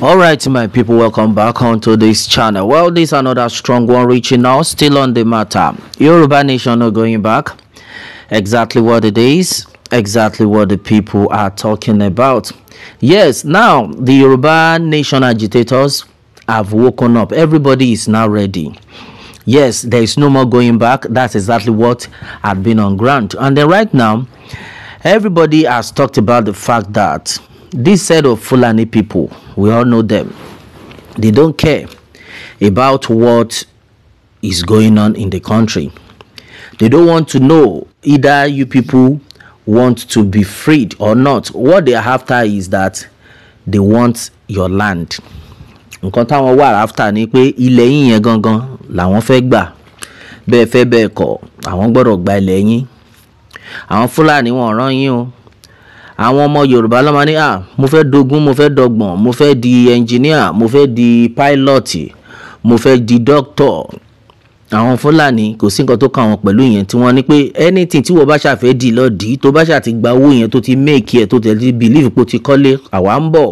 all right my people welcome back onto this channel well this another strong one reaching out still on the matter yoruba nation not going back exactly what it is exactly what the people are talking about yes now the yoruba nation agitators have woken up everybody is now ready yes, there is no more going back. That's exactly what had been on ground. And then right now, everybody has talked about the fact that this set of Fulani people, we all know them, they don't care about what is going on in the country. They don't want to know either you people want to be freed or not. What they are after is that they want your land. nǹkan táwọn wà after ni pé ilẹ̀ yín gangan làwọn fẹ́ gbà bẹ́ẹ̀ fẹ́ bẹ́ẹ̀ kọ̀ àwọn gbọ́dọ̀ gba ilẹ̀ yín àwọn fúlàní wọn rán yín o àwọn ọmọ yorùbá ló máa ní à mo fẹ́ dogun mo fẹ́ dọgbọ̀n mo fẹ́ di ẹnjìníà mo fẹ́ di pílọ̀tì mo fẹ́ di dókítọ̀ àwọn fúlàní kò sí nǹkan tó kàn wọ́n pẹ̀lú ìyẹn tí wọ́n ní pé anything tí wọ́n bá ṣàfẹ́ dì lọ́ọ̀dì tó bá ṣàti gba owó yẹn tó ti make ẹ̀ e, tó tẹ̀lé believe pé ó ti kọ́lé àwa ń bọ̀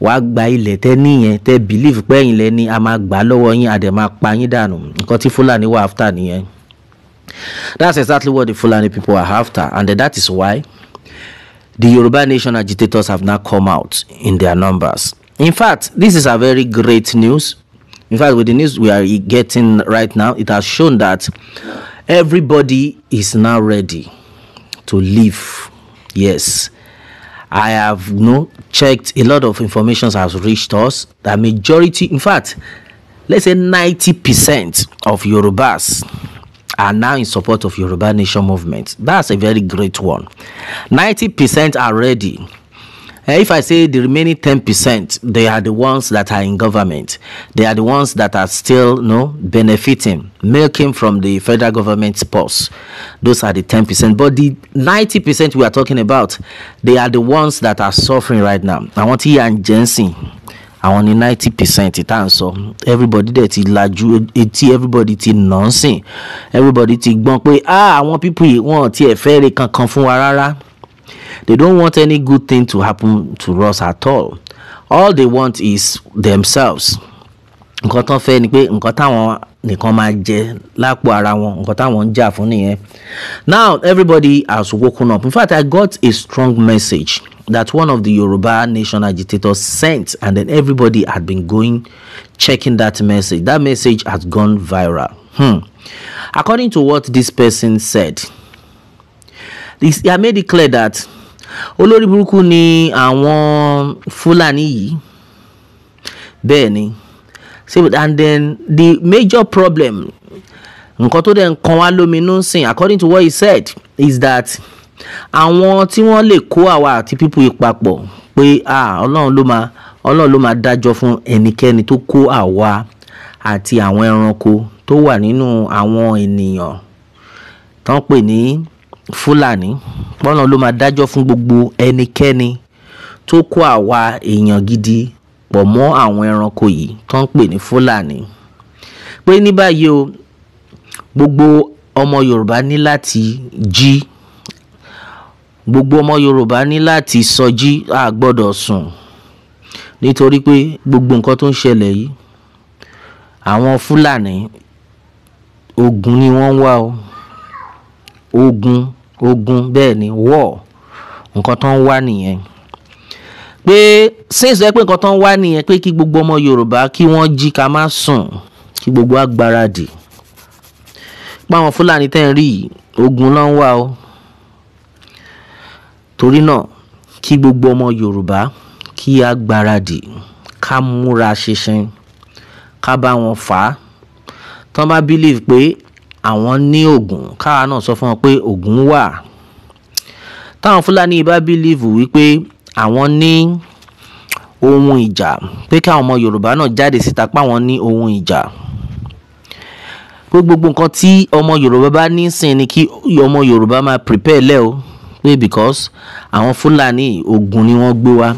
wàá gba ilẹ̀ tẹ́ níyẹn tẹ́ believe pẹ́yìn lẹ́ni a máa gbà lọ́wọ́ yín a dẹ̀ máa pa yín dànù nǹkan tí Fúlàní wà after nìyẹn that's exactly what the Fulani people are after and that is why the Yoruba nation agitators have now come out in their numbers in fact this is a very great news in fact with the news we are getting right now it has shown that everybody is now ready to leave yes I have you know, checked a lot of information has reached us. The majority, in fact, let's say 90% of Yorubas are now in support of Yoruba Nation movement. That's a very great one. 90% are ready Eh, if I say the remaining 10%, they are the ones that are in government. They are the ones that are still you no know, benefiting, milking from the federal government's purse. Those are the 10%. But the 90% we are talking about, they are the ones that are suffering right now. I want to hear and Jensen. I want the 90% tá à ń everybody that is lajú etí everybody is nonsense, everybody ti gbọ́n pé ah àwọn people yìí wọ́n ti ẹ̀ fẹ́ re kankan fún They don't want any good thing to happen to us at all. All they want is themselves. Nǹkan tán fẹ́ ni pé nǹkan táwọn nìkan máa jẹ lápò ara wọn nǹkan táwọn ń jà fún nìyẹn. Now everybody has woken up. In fact, I got a strong message that one of the Yoruba nation agitators sent, and then everybody had been going checking that message. That message has gone viral. Hmm. According to what this person said, he had made it clear that olórí burúkú ni àwọn Fúlàní yìí bẹ́ẹ̀ ni and then the major problem nǹkan tó dẹ̀ ń kan wá lóminú sìn according to what he said is that àwọn tí wọ́n lè kó àwa àti pípù ìpapọ̀ pé ọlọ́run ló máa ọlọ́run ló máa dájọ́ fún ẹnikẹ́ni tó kó àwa àti àwọn ẹranko tó wà nínú àwọn ènìyàn tán pè ní fúlàní pọ́nà ló máa dájọ́ fún gbogbo ẹnikẹ́ni tó kó àwa èèyàn gidi pọ̀ mọ́ àwọn ẹranko yìí tó ń pè ní fúlàní pé ní báyìí o gbogbo ọmọ yorùbá ní láti jí gbogbo ọmọ yorùbá ní láti sọjí a gbọ́dọ̀ sùn nítorí pé gbogbo nǹkan tó ń ṣẹlẹ̀ yìí àwọn fúlàní ogun ni wọ́n ń wá o ogun ogun bẹ́ẹ̀ ni war nǹkan tó ń wá nìyẹn pé since ẹ pé nǹkan tó ń wá nìyẹn pé kí gbogbo ọmọ Yorùbá kí wọ́n jí ká má sùn kí gbogbo agbáradì páwọn Fúlàní tẹ́ ń rí ogun ló ń wá o torí náà kí gbogbo ọmọ Yorùbá kí agbáradì ká múra ṣinṣin ká bá wọn fà á tán bá believe pé àwọn ní ògùn káwa náà sọ fún wọn pé ògùn wà táwọn fúlàní bá bílíìfù wípé àwọn ní ohun ìjà pé káwọn ọmọ yorùbá náà jáde síta páwọn ní ohun ìjà pé gbogbo nǹkan tí ọmọ yorùbá bá ní sìn ni kí ọmọ yorùbá máa prepare lẹ́ o pé because àwọn fúlàní ògùn ni wọ́n gbé wá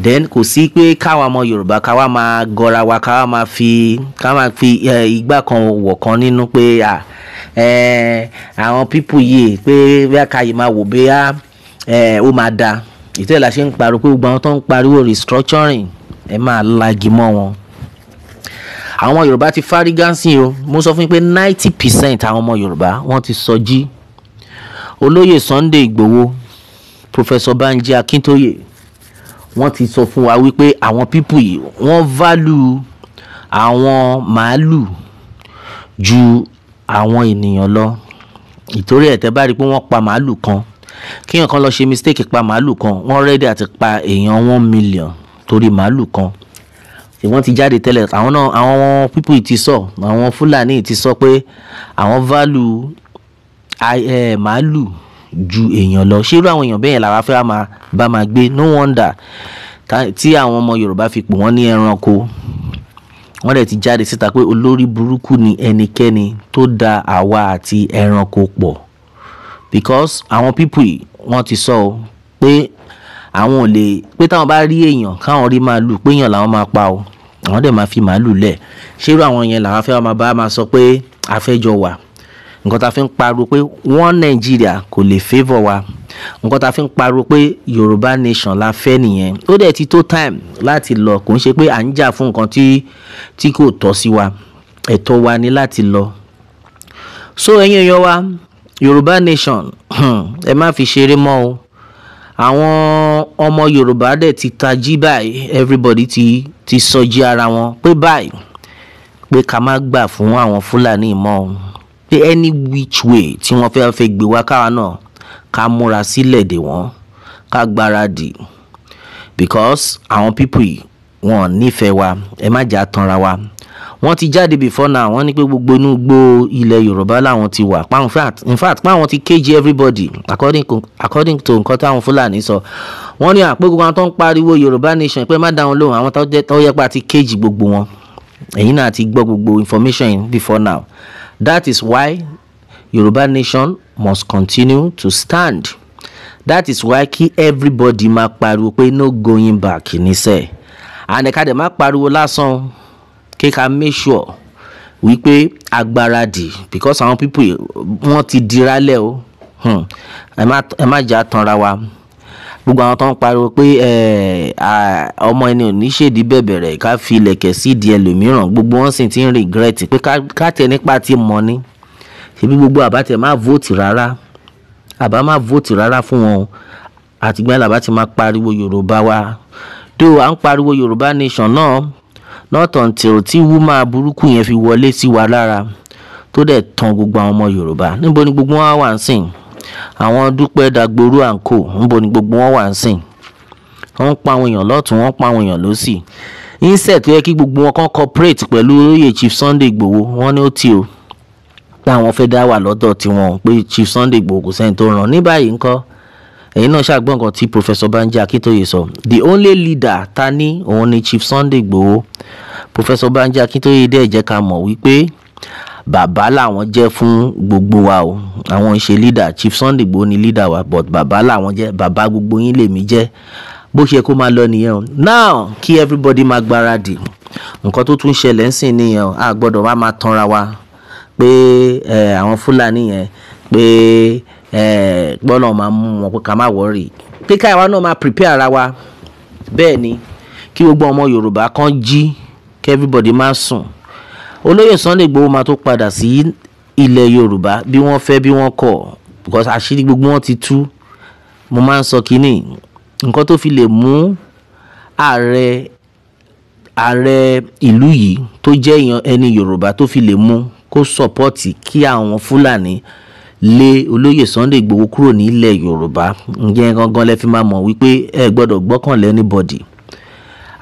then kò sí pé káwọn ọmọ yorùbá káwa máa gọra wa káwa máa fi káwa máa fi igbá kan wọ̀ kan nínú pé àwọn pípù yìí pé bí akáyè máa wò bí ó máa da ìtẹ́lẹ̀ la ṣe ń pariwo pé gbogbo àwọn tó ń pariwo restructuring ẹ máa lagi mọ́ wọn àwọn ọmọ yorùbá ti fárígánsìn o mo sọ fún yín pé ninety percent àwọn ọmọ yorùbá wọ́n ti sọjí olóyè sunday igbòho professor banji akintoye wọ́n ti sọ fún wa wípé àwọn pípù yìí wọ́n value àwọn màálù ju àwọn ènìyàn lọ ìtorí ẹ̀ tẹ́ bá rí i pé wọ́n pa màálù kan kíyàn kan lọ ṣe mistake pa màálù kan wọ́n rẹ́dí àti pa èèyàn one million torí màálù kan tí wọ́n ti jáde tẹ́lẹ̀ àwọn náà àwọn pípù ti sọ àwọn fúlàní ti sọ pé àwọn value eh, màálù ju èèyàn lọ ṣé irú àwọn èèyàn bẹ́ẹ̀ làwa fẹ́ máa bá máa gbé no wonder tí àwọn ọmọ Yorùbá fi pò wọ́n ní ẹranko wọ́n dẹ̀ ti jáde síta pé olórí burúkú ni ẹnikẹ́ni tó da àwa àti ẹranko pọ̀ because àwọn pípù wọ́n ti sọ pé àwọn ò lè pé táwọn bá rí èèyàn káwọn rí màálù pé èèyàn làwọn máa pa o àwọn dẹ̀ máa fi màálù lẹ̀ ṣé irú àwọn yẹn làwọn afẹ́ máa bá máa sọ pé àfẹ́jọ wà nǹkan tá a fi ń pariwo pé wọ́n nàìjíríà kò lè favour wa nǹkan tá a fi ń pariwo pé yorùbá nation la fẹ́ nìyẹn ó dẹ̀ ti tó time láti lọ kò ń ṣe pé à ń jà fún nǹkan tí tí kò tọ́ sí wa ẹ̀tọ́ wa ni láti lọ so ẹ̀yin èèyàn wa yorùbá nation ẹ má fi ṣeré mọ́ o àwọn ọmọ yorùbá dẹ̀ ti tají báyìí everybody ti ti sọjí ara wọn pé báyìí pé ká má gbà fún àwọn fúlàní mọ́ o pé any which way tí wọ́n fẹ́ fẹ́ gbé wá káwa náà ká múra sílẹ̀ dè wọ́n ká gbáradì because àwọn people yìí wọn nífẹ̀ẹ́ wa ẹ má jà tanra wa wọ́n ti jáde before now wọ́n ní pé gbogbo inú gbó ilẹ̀ Yorùbá làwọn ti wà pa in fact pa àwọn ti kéjì everybody according, according to nǹkan táwọn Fúlàní sọ wọ́n ní àpé gbogbo àwọn tó ń pariwo Yorùbá nation pé má dáhùn lóhùn àwọn tó yẹ pa ti kéjì gbogbo wọn èyí náà ti gbọ́ gbogbo information before now That is why Yoruba nation must continue to stand. That is why kí everybody máa pariwo pé no going back níṣẹ́ and ẹ̀ka dẹ̀ máa pariwo lásán kíka make sure wípé agbáradì because àwọn people wọ́n ti diralẹ̀ o hmm. ẹ má jà tanra wa gbogbo àwọn tó ń pariwo pé ọmọ ẹni ò ní ṣèdí bẹ̀bẹ̀ rẹ̀ ká fi ilẹ̀kẹ̀ sí ìdí ẹlòmíràn gbogbo wọn sì ti ń regret pé ká tẹ nípa ti mọ̀ ni ṣebí gbogbo àbá tẹ má vote rárá àbá má vote rárá fún wọn àtìgbà làbá ti máa pariwo Yorùbá wa tó à ń pariwo Yorùbá nation náà not until tí wúmà burúkú yẹn fi wọlé sí wa lára tó dẹ̀ tan gbogbo àwọn ọmọ Yorùbá níbo ni gbogbo wọn wà ń sìn àwọn dúpẹ́ dagboru àǹkò ńbo ni gbogbo wọn wà ń sìn wọ́n ń pa àwọn èèyàn lọ́tún wọ́n ń pa àwọn èèyàn lọ́sì insẹ̀ tó yẹ kí gbogbo wọn kan cooperate pẹ̀lú olóyè Chief Sunday Igboho wọ́n ní ó ti o pé àwọn fẹ́ dá wà lọ́dọ̀ tiwọn pé Chief Sunday Igboho kò sẹ́ni tó ràn ní báyìí ńkọ́ ẹ̀yin náà ṣàgbọ́n nǹkan tí Professor Banji Akintoye sọ the only leader ta ní òun ni Chief Sunday Igboho Professor Banji Akintoye dẹ̀ jẹ́ ká mọ̀ wípé bàbá làwọn jẹ́ fún gbogbo wa o àwọn ìṣe leader Chief Sunday Igboho ni leader wa but bàbá làwọn jẹ́ bàbá gbogbo yín lèmi jẹ́ bó ṣe kó máa lọ nìyẹn o now kí everybody máa gbáradì nǹkan tó tún ṣẹlẹ̀ ń sìn nìyẹn o a gbọ́dọ̀ wá máa tanra wa pé àwọn Fúlàní yẹn pé gbọ́nà máa mú wọn pé ká má wọ́ọ̀rì pé káwa náà máa prepare ara wa bẹ́ẹ̀ ni kí gbogbo ọmọ Yorùbá kan jí kí everybody máa sùn olóyè Sunday Igboho máa tó padà sí ilẹ̀ Yorùbá bí wọ́n fẹ́ bí wọ́n kọ̀ because àṣírí gbogbo wọn ti tú mo máa ń sọ kínní nǹkan tó fi lè mú ààrẹ ààrẹ ìlú yìí tó jẹ́ ẹni Yorùbá tó fi lè mú kó sọ̀pọ́tì kí àwọn Fúlàní lé olóyè Sunday Igboho kúrò nílẹ̀ Yorùbá ǹjẹ́ gangan lẹ fi máa mọ̀ wípé ẹ gbọ́dọ̀ gbọ́kànlé anybody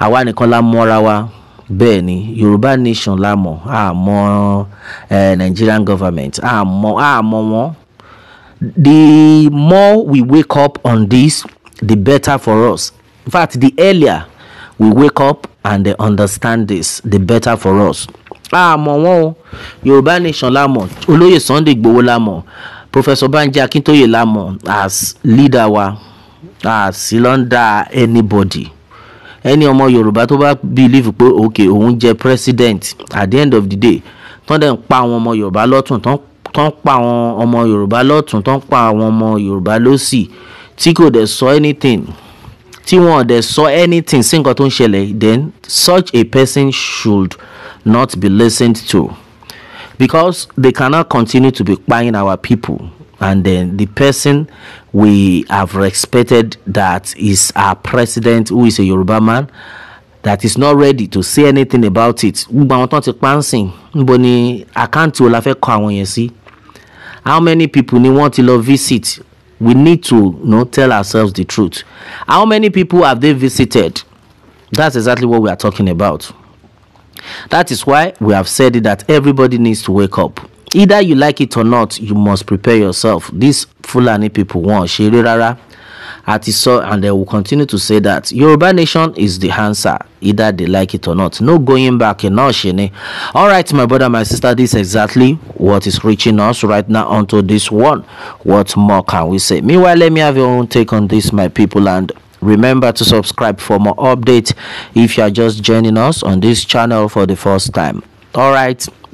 àwa nìkan la mọ́ra wa bẹ́ẹ̀ ni yorùbá nation la mọ̀ àmọ́ nigerian government àmọ́ àmọ́ wọn the more we wake up on this the better for us in fact the earlier we wake up and they understand this the better for us àmọ́ wọn o yorùbá nation la mọ̀ olóyè sunday gbowó la mọ̀ professor banji akintoye la mọ̀ as leader wa as lọ́ndà anybody ẹni ọmọ yorùbá tó bá believe pé ok òun jẹ president at the end of the day tán dẹ̀ ń pa àwọn ọmọ yorùbá lọ́tún tán pa àwọn ọmọ yorùbá lọ́tún tán pa àwọn ọmọ yorùbá lọ́sì tí kò dẹ̀ sọ anything tí wọn ò dẹ̀ sọ anything sí nǹkan tó ń ṣẹlẹ̀ then such a person should not be listened to because they cannot continue to be paying our people and then the person we have respected that is our president who is a Yoruba man that is not ready to say anything about it gbogbo àwọn tán ti pa ń sìn níbo ni àkáǹtì wo la fẹ́ kọ àwọn yẹn sí how many people ni wọ́n ti lọ visit we need to you know, tell ourselves the truth how many people have they visited that's exactly what we are talking about that is why we have said that everybody needs to wake up either you like it or not you must prepare yourself these Fulani people wọ́n ṣeré rárá àti sọ and they will continue to say that Yoruba nation is the answer either they like it or not no going back in all shene all right my brother my sister this is exactly what is reaching us right now onto this one what more can we say meanwhile let me have your own take on this my people and remember to subscribe for more updates if you are just joining us on this channel for the first time all right